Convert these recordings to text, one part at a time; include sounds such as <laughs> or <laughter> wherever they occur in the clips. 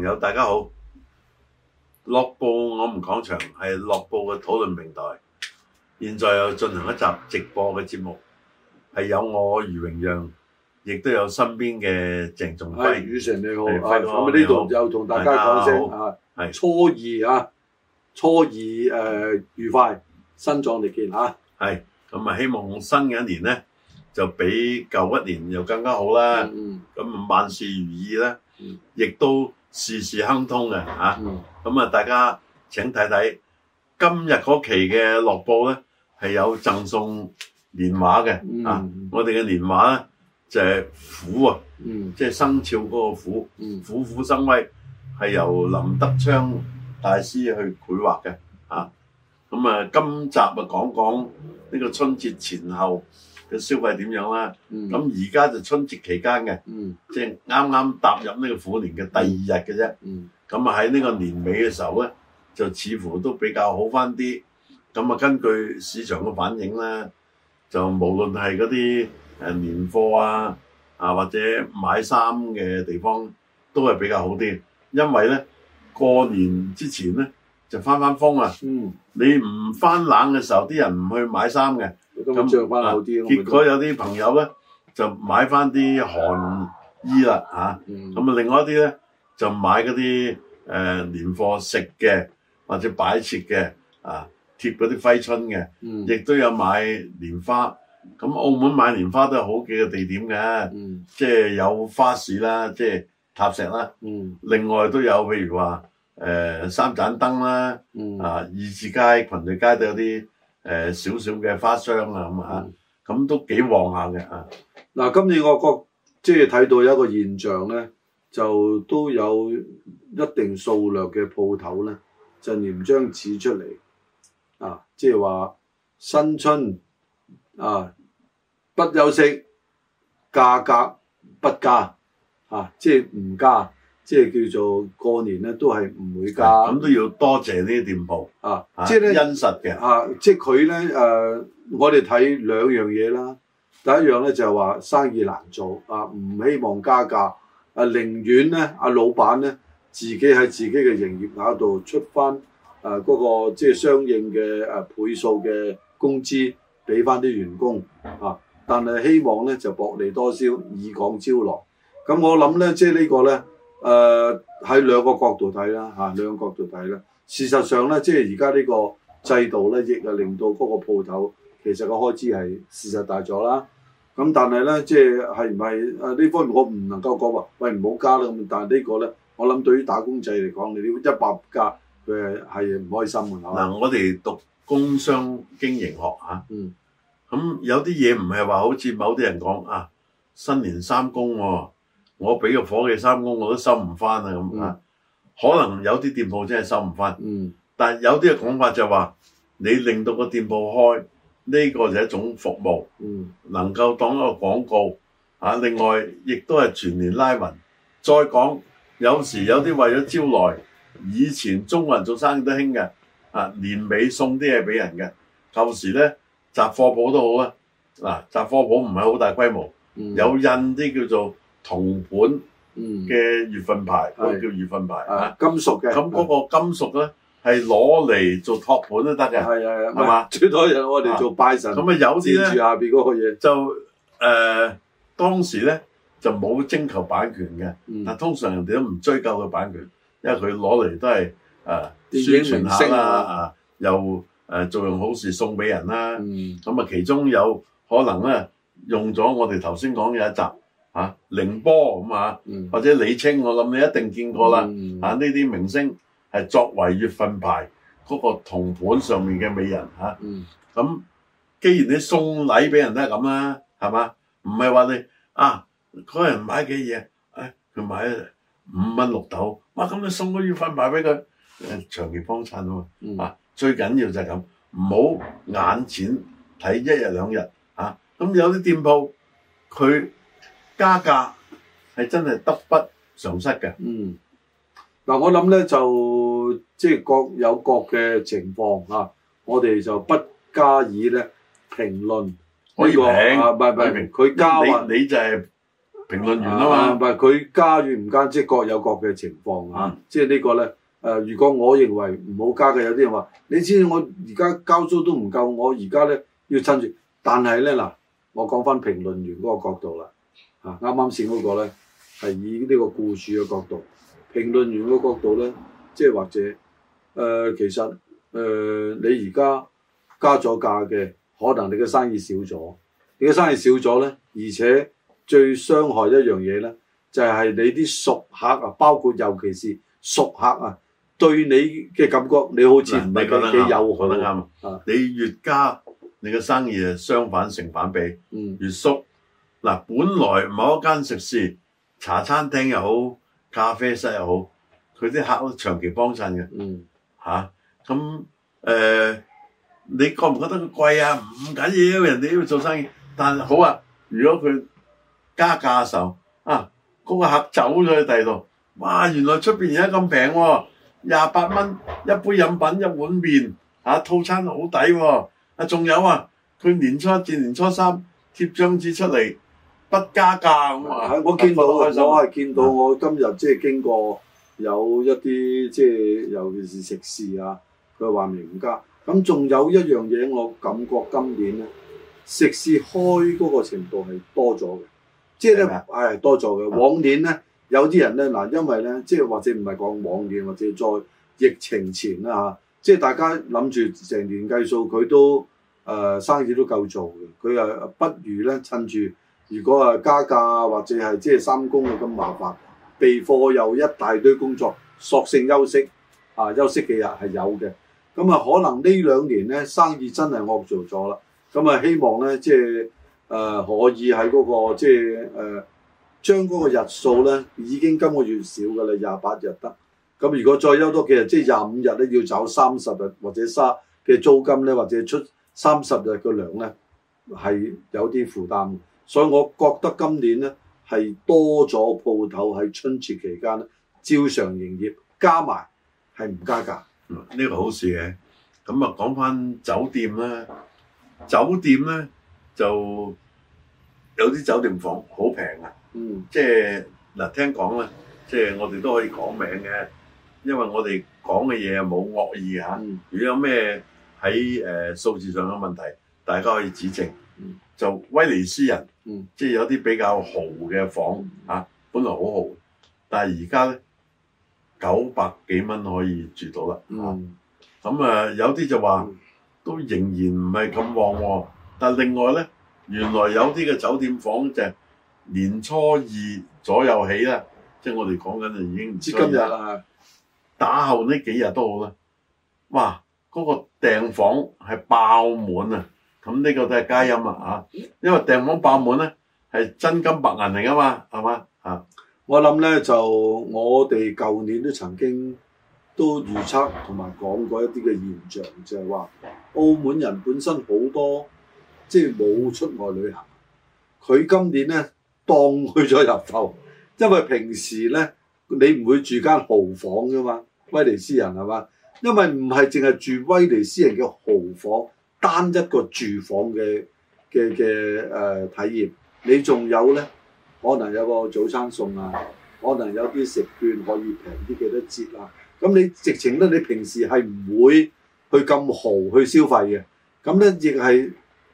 朋友，大家好！樂報我哋講場，係樂報嘅討論平台。現在又進行一集直播嘅節目，係有我余榮陽，亦都有身邊嘅鄭仲輝。宇、哎、成你好，輝哥你好，啊、大，家大家好。初二啊，是初二誒，uh, 愉快，身壯力健啊！係咁啊，希望新嘅一年咧，就比舊一年又更加好啦。咁、嗯、萬事如意啦，亦、嗯、都。事事亨通嘅。咁啊、嗯、大家請睇睇今日嗰期嘅樂報咧，係有贈送年畫嘅、嗯、啊！嗯、我哋嘅年畫咧就係、是、虎啊，即係、嗯、生肖嗰個虎、嗯，虎虎生威，係由林德昌大師去繪畫嘅。咁啊，今集啊講講呢個春節前後。嘅消費點樣啦？咁而家就春節期間嘅，即係啱啱踏入呢個虎年嘅第二日嘅啫。咁啊喺呢個年尾嘅時候咧，就似乎都比較好翻啲。咁啊根據市場嘅反應咧，就無論係嗰啲誒年貨啊啊或者買衫嘅地方都係比較好啲，因為咧過年之前咧就翻翻風啊。嗯、你唔翻冷嘅時候，啲人唔去買衫嘅。咁啊，結果有啲朋友咧就買翻啲寒衣啦，嚇，咁啊，另外一啲咧就買嗰啲誒年貨食嘅，或者擺設嘅，啊，貼嗰啲揮春嘅，嗯，亦都有買年花。咁澳門買年花都有好幾個地點嘅，嗯，即係有花市啦，即係塔石啦，嗯，另外都有譬如話誒三盞燈啦，嗯，啊，二字街、羣業街都有啲。誒少少嘅花商啊咁啊，咁、啊、都幾旺下嘅啊！嗱、啊，今年我覺即係睇到一個現象咧，就都有一定數量嘅鋪頭咧，就連張紙出嚟啊，即係話新春啊不休息，價格不加啊，即係唔加。即係叫做過年咧，都係唔會加，咁都要多謝呢啲店舖。啊！即係咧，殷實嘅啊！即係佢咧誒，我哋睇兩樣嘢啦。第一樣咧就係、是、話生意難做啊，唔希望加價啊，寧願咧阿、啊、老闆咧自己喺自己嘅營業額度出翻誒嗰個即係相應嘅誒倍數嘅工資俾翻啲員工啊。但係希望咧就薄利多銷，以廣招徠。咁我諗咧，即係呢個咧。誒喺、呃、兩個角度睇啦，嚇、啊、兩個角度睇啦。事實上咧，即係而家呢個制度咧，亦啊令到嗰個鋪頭其實個開支係事實大咗啦。咁、啊、但係咧，即係係唔係誒呢方面我唔能夠講話，喂唔好加啦。咁但係呢個咧，我諗對於打工仔嚟講，你一百格佢係唔開心嘅嗱，我哋讀工商經營學。嗯，咁、啊、有啲嘢唔係話好似某啲人講啊，新年三公喎、啊。我俾個伙計三公我都收唔翻啊咁啊，嗯、可能有啲店鋪真係收唔翻。嗯、但有啲嘅講法就話，你令到店鋪、這個店鋪開呢個就係一種服務，嗯、能夠當一個廣告啊。另外，亦都係全年拉勻。再講有時有啲為咗招來，以前中國人做生意都興嘅啊，年尾送啲嘢俾人嘅。舊時咧，雜貨鋪都好啊。嗱，雜貨鋪唔係好大規模，嗯、有印啲叫做。銅盤嘅月份牌，都叫月份牌啊，金屬嘅。咁嗰個金屬咧，係攞嚟做托盤都得嘅，係啊，係嘛？最多又我哋做拜神。咁啊，有啲住下邊嗰個嘢，就誒，當時咧就冇徵求版權嘅。但通常人哋都唔追究到版權，因為佢攞嚟都係宣傳下啦，啊又做用好事送俾人啦。咁啊，其中有可能咧用咗我哋頭先講嘅一集。啊，凌波咁啊，嗯、或者李清，我諗你一定見過啦。嗯、啊，呢啲明星係作為月份牌嗰個銅盤上面嘅美人、嗯、啊。咁、嗯、既然你送禮俾人都係咁啦，係嘛？唔係話你啊，嗰、啊、人買嘅嘢，佢、哎、買五蚊六斗，哇！咁、啊、你送個月份牌俾佢、啊，長期幫襯啊嘛、嗯啊。啊，最緊要就係咁，唔好眼前睇一日兩日啊。咁有啲店鋪佢。加價係真係得不償失嘅。嗯，嗱，我諗咧就即係、就是、各有各嘅情況啊。我哋就不加以咧評論可、這個、以啊，唔係唔係，評佢加，你，你就係評論員啦嘛。唔係佢加與唔加，即、就、係、是、各有各嘅情況、嗯、啊。即係呢個咧誒，如果我認為唔好加嘅，有啲人話你知我而家交租都唔夠，我而家咧要趁住。但係咧嗱，我講翻評論員嗰個角度啦。啱啱先嗰個咧，係以呢個僱主嘅角度、評論員嘅角度咧，即係或者誒、呃，其實誒、呃，你而家加咗價嘅，可能你嘅生意少咗，你嘅生意少咗咧，而且最傷害嘅一樣嘢咧，就係、是、你啲熟客啊，包括尤其是熟客啊，對你嘅感覺，你好似唔係幾友好咁啱啊！你越加你嘅生意啊，相反成反比，嗯、越縮。嗱，本來某一間食肆、茶餐廳又好、咖啡室又好，佢啲客都長期幫襯嘅。嗯，嚇咁誒，你覺唔覺得佢貴啊？唔緊要，人哋要做生意。但係好啊，如果佢加價售啊，嗰、嗰個客走咗去第度，哇！原來出面而家咁平喎，廿八蚊一杯飲品，一碗麵啊套餐好抵喎。啊，仲、啊啊、有啊，佢年初一至年初三貼張紙出嚟。不加價咁啊！我見到，我係見到我今日即係經過有一啲即係，尤其是食肆啊，佢話明唔加咁。仲有一樣嘢，我感覺今年咧食肆開嗰個程度係多咗嘅，即係咧誒多咗嘅。往年咧有啲人咧嗱，因為咧即係或者唔係講往年，或者在疫情前啦嚇，即係大家諗住成年計數，佢都誒生意都夠做嘅，佢又不如咧趁住。如果誒加價或者係即係三公咁麻煩，備貨又一大堆工作，索性休息啊，休息幾日係有嘅。咁啊，可能呢兩年咧生意真係惡做咗啦。咁啊，希望咧即係誒可以喺嗰個即係誒將嗰個日數咧已經今個月少㗎啦，廿八日得。咁如果再休多幾日，即係廿五日咧，要走三十日或者三嘅租金咧，或者出三十日嘅糧咧，係有啲負擔嘅。所以我覺得今年咧係多咗鋪頭喺春節期間咧，照常營業，加埋係唔加價、嗯，呢個好事嘅。咁啊，講翻酒店啦。酒店咧就有啲酒店房好平啊，嗯，即係嗱聽講咧，即係我哋都可以講名嘅，因為我哋講嘅嘢冇惡意嚇，嗯、如果有咩喺誒數字上嘅問題，大家可以指正。就威尼斯人。嗯，即係有啲比較豪嘅房，嗯、啊，本來好豪，但係而家咧九百幾蚊可以住到啦，嗯，咁啊，有啲就話，嗯、都仍然唔係咁旺喎，哦。但係另外咧，原來有啲嘅酒店房就年初二左右起啦，即係我哋講緊就已經。唔知今日啦，啊，打後呢幾日都好啦。哇，嗰，嗰個訂房係爆滿啊！咁呢個都係皆因啊，嚇！因為訂房爆滿咧，係真金白銀嚟噶嘛，係嘛？我諗咧就我哋舊年都曾經都預測同埋講過一啲嘅現象，就係話澳門人本身好多即係冇出外旅行，佢今年咧當去咗入頭，因為平時咧你唔會住間豪房噶嘛，威尼斯人係嘛？因為唔係淨係住威尼斯人嘅豪房。單一個住房嘅嘅嘅誒體驗，你仲有咧？可能有個早餐送啊，可能有啲食券可以平啲幾多折啊？咁你直情咧，你平時係唔會去咁豪去消費嘅，咁咧亦係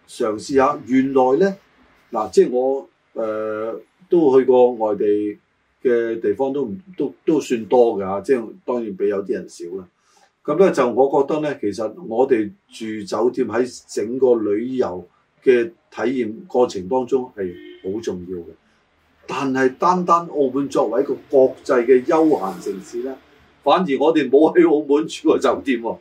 嘗試下原來咧，嗱、啊，即係我誒、呃、都去過外地嘅地方都，都唔都都算多㗎、啊，即係當然比有啲人少啦。咁咧就我覺得咧，其實我哋住酒店喺整個旅遊嘅體驗過程當中係好重要嘅。但係單單澳門作為一個國際嘅休閒城市咧，反而我哋冇喺澳門住過酒店喎、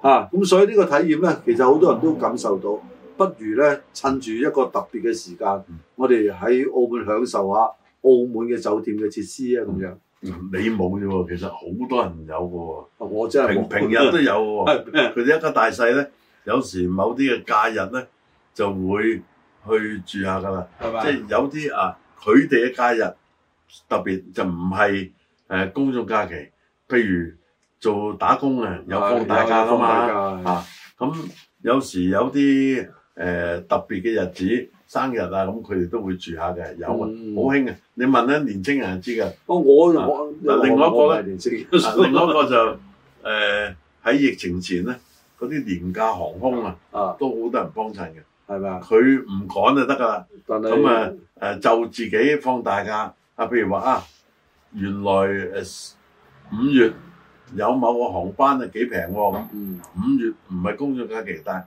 啊。咁、啊、所以呢個體驗咧，其實好多人都感受到，不如咧趁住一個特別嘅時間，我哋喺澳門享受下澳門嘅酒店嘅設施啊，咁樣。你冇啫喎，其實好多人有嘅喎，我真喎。平平日都有喎，佢哋 <laughs> 一家大細咧，有時某啲嘅假日咧就會去住下噶啦。吧即係有啲啊，佢哋嘅假日特別就唔係誒公眾假期，譬如做打工嘅有放假㗎嘛，咁吧、啊、有時有啲誒、呃、特別嘅日子。生日啊，咁佢哋都會住下嘅，有啊，好興啊！你問咧年青人知噶。哦，我我，嗱、啊，另外一個咧、啊，另外一個就誒喺、呃、疫情前咧，嗰啲廉價航空啊，啊都好多人幫襯嘅，係咪吧是啊？佢唔趕就得噶啦，咁啊誒就自己放大假啊，譬如話啊，原來誒五、呃、月有某個航班啊幾平喎，五、嗯、月唔係工作假期但。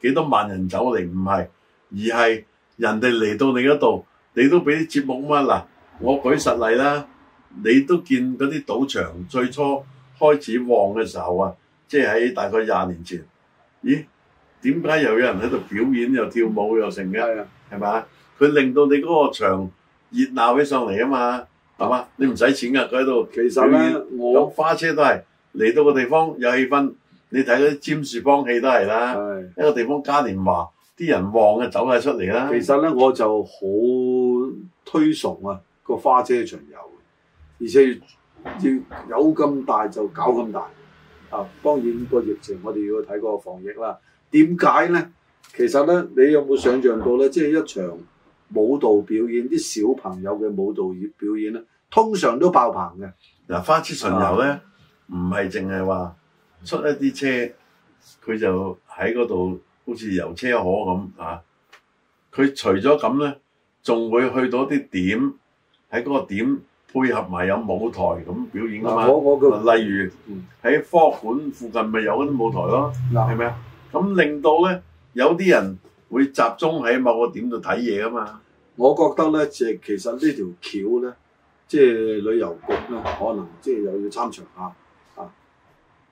幾多萬人走嚟唔係，而係人哋嚟到你嗰度，你都俾啲節目乜？嗱，我舉實例啦，你都見嗰啲賭場最初開始旺嘅時候啊，即係喺大概廿年前，咦？點解又有人喺度表演又跳舞又成嘅？係咪啊，係嘛？佢令到你嗰個場熱鬧起上嚟啊嘛，係嘛？你唔使錢噶，佢喺度其實呢，有花車都係嚟到個地方有氣氛。你睇嗰啲佔士幫起都係啦，是一個地方嘉年華，啲人旺嘅走晒出嚟啦、啊。其實咧，我就好推崇啊個花車巡遊，而且要要有咁大就搞咁大。啊，當然個疫情我哋要睇個防疫啦。點解咧？其實咧，你有冇想像到咧？即、就、係、是、一場舞蹈表演，啲小朋友嘅舞蹈表演咧，通常都爆棚嘅。嗱、啊，花車巡遊咧，唔係淨係話。出一啲車，佢就喺嗰度，好似遊車河咁啊！佢除咗咁咧，仲會去到啲點，喺嗰個點配合埋有舞台咁表演噶嘛。啊啊啊啊啊啊啊、例如喺科學館附近咪有啲舞台咯，係咪啊？咁令到咧有啲人會集中喺某個點度睇嘢啊嘛。我覺得咧，即係其實呢條橋咧，即係旅遊局咧，可能即係又要參詳下。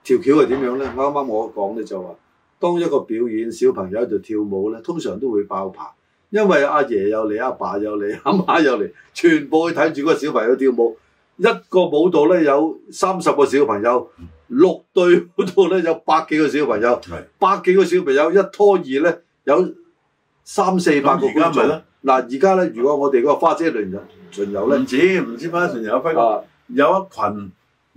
條橋係點樣咧？啱啱我講咧就話，當一個表演小朋友喺度跳舞咧，通常都會爆棚，因為阿爺，爺有嚟，阿爸有嚟，阿媽，媽有嚟，全部去睇住嗰個小朋友跳舞。一個舞蹈咧有三十個小朋友，六對舞蹈咧有百幾個小朋友，百幾個小朋友一拖二咧有三四百個觀眾。嗱而家咧，如果我哋個花姐嚟唔入巡遊咧，唔知唔知花姐巡遊不有一群。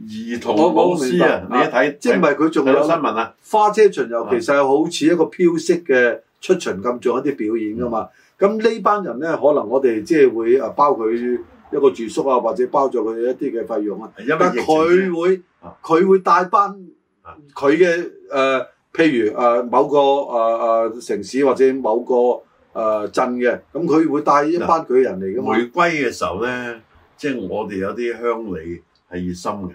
兒童老師、啊，你一睇，即係唔係佢仲有新聞啊？花車巡遊其實係好似一個飄色嘅出巡咁做一啲表演噶嘛。咁呢、嗯、班人咧，可能我哋即係會包佢一個住宿啊，或者包咗佢一啲嘅費用啊。因為佢會佢會帶班佢嘅誒，譬如誒、呃、某個誒誒、呃、城市或者某個誒鎮嘅，咁、呃、佢會帶一班佢人嚟噶嘛。回歸嘅時候咧，即、就、係、是、我哋有啲鄉里。係熱心嘅，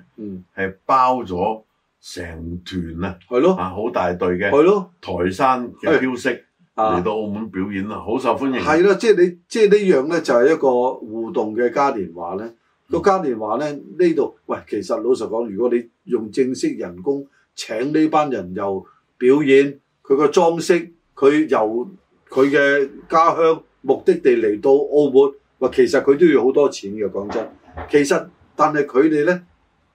係、嗯、包咗成團咯啊，係咯，啊好大隊嘅，咯，台山嘅飄色嚟到澳門表演啊，好受歡迎。係啦，即係你即係呢樣咧，就係、是、一個互動嘅嘉年華咧。個嘉年華咧呢度、嗯、喂，其實老實講，如果你用正式人工請呢班人又表演佢個裝飾，佢由佢嘅家鄉目的地嚟到澳門，喂，其實佢都要好多錢嘅。講真，其實。但係佢哋咧，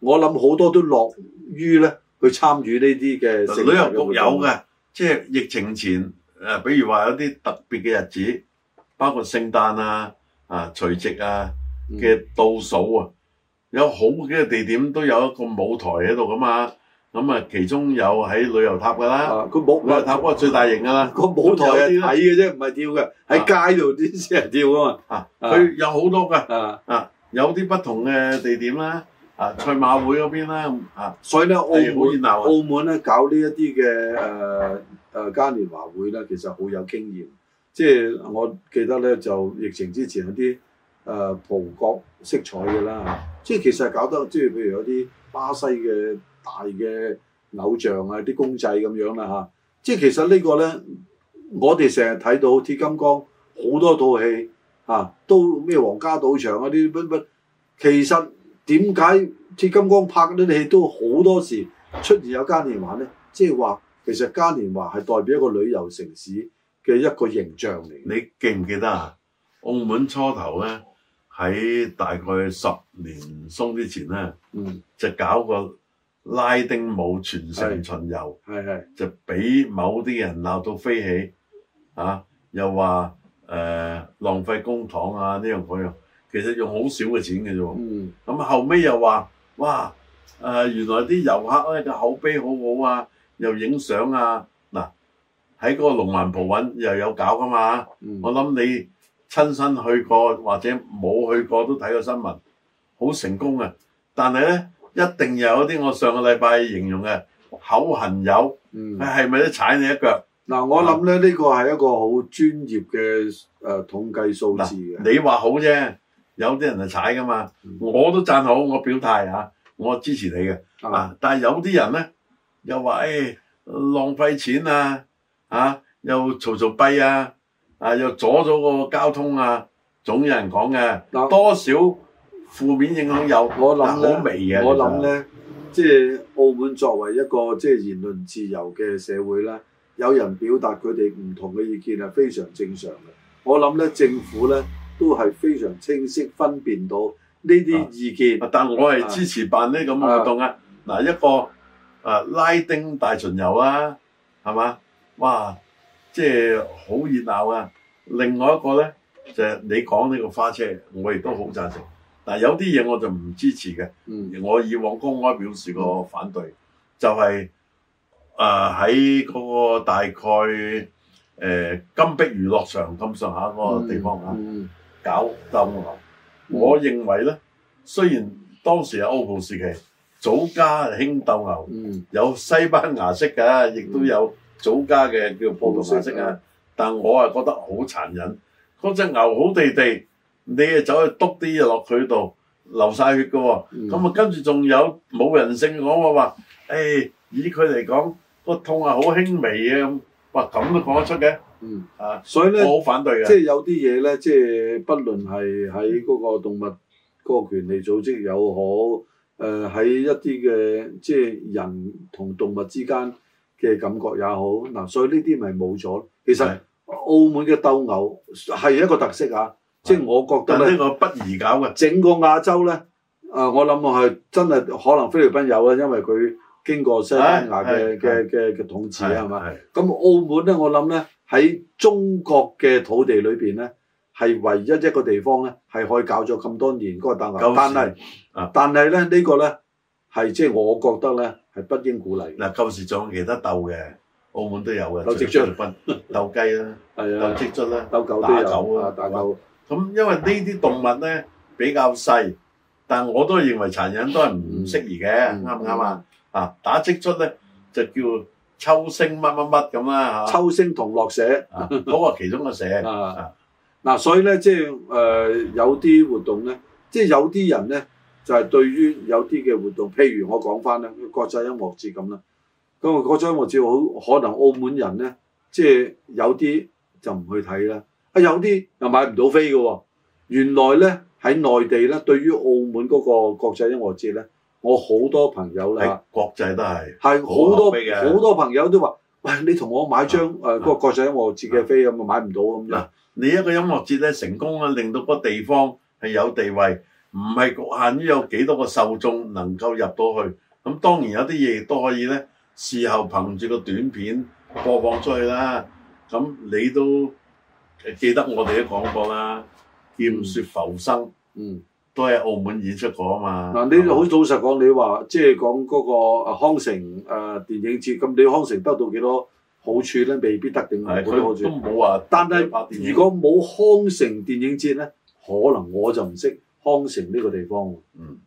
我諗好多都樂於咧去參與呢啲嘅旅遊局有嘅，即係疫情前誒，比如話有啲特別嘅日子，包括聖誕啊、啊除夕啊嘅倒數啊，有好幾嘅地點都有一個舞台喺度噶嘛。咁啊，其中有喺旅遊塔噶啦。啊，佢舞旅遊塔嗰個最大型噶啦。個舞台係睇嘅啫，唔係跳嘅。喺街度啲先至跳啊嘛。啊，佢有好多噶啊。有啲不同嘅地點啦，啊，賽馬會嗰邊啦，嗯、啊所以咧，澳門澳門咧搞呢一啲嘅誒誒嘉年華會咧，其實好有經驗。即係我記得咧，就疫情之前有啲誒葡國色彩嘅啦，即係其實搞得即係譬如有啲巴西嘅大嘅偶像啊，啲公仔咁樣啦嚇。即係其實呢個咧，我哋成日睇到鐵金剛好多套戲。啊，都咩皇家賭場嗰啲乜乜，其實點解鐵金剛拍嗰啲戲都好多時出現有嘉年華咧？即係話其實嘉年華係代表一個旅遊城市嘅一個形象嚟。你記唔記得啊？澳門初頭咧，喺大概十年鬆之前咧，嗯、就搞個拉丁舞全城巡遊，係、係，就俾某啲人鬧到飛起，啊，又話。誒，浪費公帑啊，呢樣嗰樣，其實用好少嘅錢嘅啫。咁後尾又話，哇，誒，原來啲遊客咧嘅口碑好好啊，又影相啊，嗱，喺嗰個龍環葡韻又有搞噶嘛。我諗你親身去過或者冇去過都睇過新聞，好成功啊。但係咧，一定有一啲我上個禮拜形容嘅口痕友，係咪都踩你一腳？嗱，我諗咧，呢個係一個好專業嘅誒統計數字嘅。你話好啫，有啲人係踩噶嘛，我都讚好，我表態啊，我支持你嘅。啊，但係有啲人咧又話誒、哎、浪費錢啊，又嘈嘈閉啊，啊又阻咗個交通啊，總有人講嘅。多少負面影響有？我諗好微嘅，我諗咧，即係澳門作為一個即係言論自由嘅社會咧。有人表達佢哋唔同嘅意見係非常正常嘅，我諗咧，政府咧都係非常清晰分辨到呢啲意見，啊、但我係支持辦呢啲咁嘅活動啊！嗱、啊啊啊，一個、啊、拉丁大巡遊啊，係嘛？哇，即係好熱鬧啊！另外一個咧就係、係、你講呢個花車，我亦都好贊成。嗱、啊，有啲嘢我就唔支持嘅，嗯、我以往公開表示過反對，嗯、就係、係。誒喺嗰個大概誒、呃、金碧娛樂場咁上下嗰個地方啊，嗯、搞鬥牛。嗯、我認為咧，雖然當時係歐洲時期，祖家興鬥牛，嗯、有西班牙式㗎，亦、嗯、都有祖家嘅叫葡萄牙式啊。嗯、但我係覺得好殘忍，嗰隻、嗯、牛好地地，你啊走去篤啲嘢落佢度，流晒血㗎喎、哦。咁啊、嗯、跟住仲有冇人性講我話，誒、哎、以佢嚟講。個痛係好輕微嘅，哇咁都講得出嘅，嗯啊，所以咧我好反對嘅，即係有啲嘢咧，即係不論係喺嗰個動物個權利組織又好，誒喺一啲嘅即係人同動物之間嘅感覺也好，嗱，所以呢啲咪冇咗。其實澳門嘅鬥牛係一個特色啊，即係我覺得呢個不宜搞嘅。整個亞洲咧，啊，我諗我係真係可能菲律賓有啦，因為佢。經過西班牙嘅嘅嘅嘅統治啊，係嘛？咁澳門咧，我諗咧喺中國嘅土地裏邊咧，係唯一一個地方咧係可以搞咗咁多年嗰個打狗，但係，啊，但係咧呢個咧係即係我覺得咧係不應鼓勵嗱，舊時仲有其他鬥嘅，澳門都有嘅，鬥蟋蟀、鬥雞啦，鬥蟋蟀啦，鬥狗都有啊，鬥狗咁，因為呢啲動物咧比較細，但我都認為殘忍都係唔適宜嘅，啱唔啱啊？啊、打積出咧就叫秋聲乜乜乜咁啦嚇，秋聲同樂社，嗰個、啊、 <laughs> 其中個社。嗱、啊啊啊，所以咧即係誒有啲活動咧，即、就、係、是、有啲人咧就係、是、對於有啲嘅活動，譬如我講翻啦國際音樂節咁啦，咁、那、啊、個、國際音樂節好可能澳門人咧，即、就、係、是、有啲就唔去睇啦，啊有啲又買唔到飛嘅喎、哦，原來咧喺內地咧對於澳門嗰個國際音樂節咧。我好多朋友咧，國際都係，係好多好多朋友都話：，喂，你同我買張誒個國際音樂節嘅飛，咁咪、嗯、買唔到咁嗱，嗯、那你一個音樂節咧成功啊，令到個地方係有地位，唔係局限於有幾多個受眾能夠入到去。咁當然有啲嘢都可以咧，事後憑住個短片播放出去啦。咁你都記得我哋都講過啦，《劍雪浮生》嗯。都喺澳門演出過啊嘛！嗱，你好老實講，你話即係講嗰個康城誒電影節，咁你康城得到幾多好處咧？未必得點咁多好處。但係如果冇康城電影節咧，可能我就唔識康城呢個地方喎。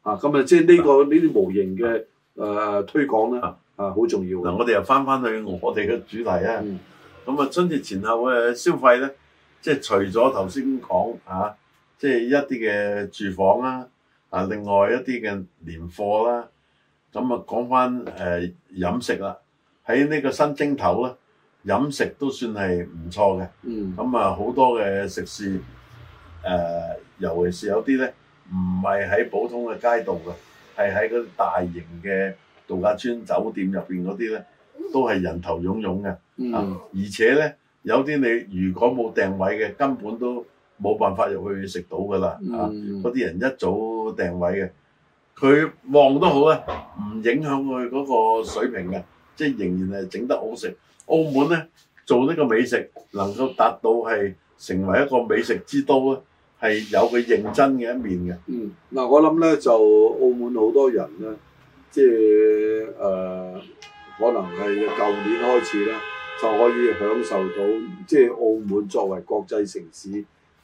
啊，咁啊，即係呢個呢啲無形嘅誒推廣咧，啊，好重要。嗱，我哋又翻翻去我哋嘅主題啊。咁啊，春節前後嘅消費咧，即係除咗頭先講啊。即係一啲嘅住房啦、啊，啊，另外一啲嘅年貨啦、啊，咁啊講返誒飲食啦，喺呢個新蒸頭咧，飲食都算係唔錯嘅，嗯，咁啊好多嘅食肆，誒、呃，尤其是有啲咧唔係喺普通嘅街道嘅，係喺嗰啲大型嘅度假村酒店入面嗰啲咧，都係人頭湧湧嘅，嗯、啊，而且咧有啲你如果冇訂位嘅根本都。冇辦法入去食到噶啦，嗰啲人一早訂位嘅。佢旺都好啊，唔影響佢嗰個水平嘅，即係仍然係整得好食。澳門咧做呢個美食，能夠達到係成為一個美食之都咧，係有佢認真嘅一面嘅。嗯，嗱我諗咧就澳門好多人咧，即係誒可能係舊年開始咧，就可以享受到即係澳門作為國際城市，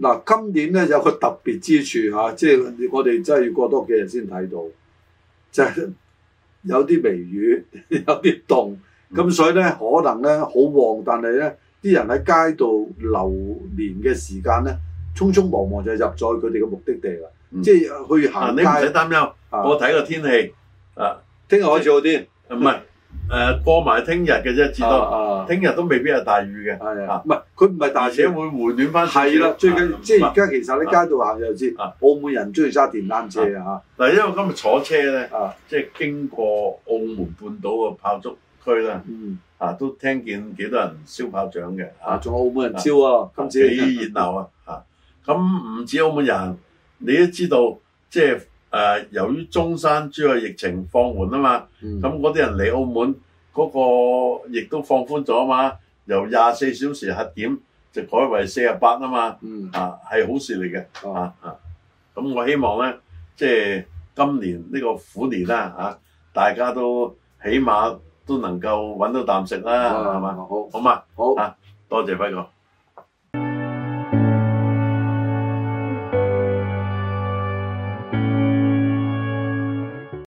嗱，今年咧有個特別之處吓即係、就是、我哋真係要過多幾日先睇到，就係、是、有啲微雨，有啲凍，咁所以咧可能咧好旺，但係咧啲人喺街度流連嘅時間咧，匆匆忙忙就入咗佢哋嘅目的地啦，即係、嗯、去行街，你唔使擔憂，我睇個天氣，啊，聽日開始好啲，唔係。誒過埋聽日嘅啫，至多聽日都未必有大雨嘅。係啊，唔係佢唔係大，而且會回暖翻少少。係啦，最近即係而家其實喺街度行就知。啊，澳門人中意揸電單車啊嚇。嗱，因為今日坐車咧啊，即係經過澳門半島嘅炮竹區啦。啊，都聽見幾多人燒炮仗嘅。啊，仲有澳門人燒啊，今次幾熱鬧啊嚇。咁唔止澳門人，你都知道即係。誒、呃，由於中山珠海疫情放緩啊嘛，咁嗰啲人嚟澳門嗰、那個亦都放寬咗啊嘛，由廿四小時核點就改為四十八啊嘛，嗯、啊係好事嚟嘅、嗯啊，啊啊，咁我希望咧，即、就、係、是、今年呢、這個虎年啦、啊，啊，大家都起碼都能夠揾到啖食啦，係嘛、嗯，吧好嘛，好,嗎好啊，多謝輝哥。拜拜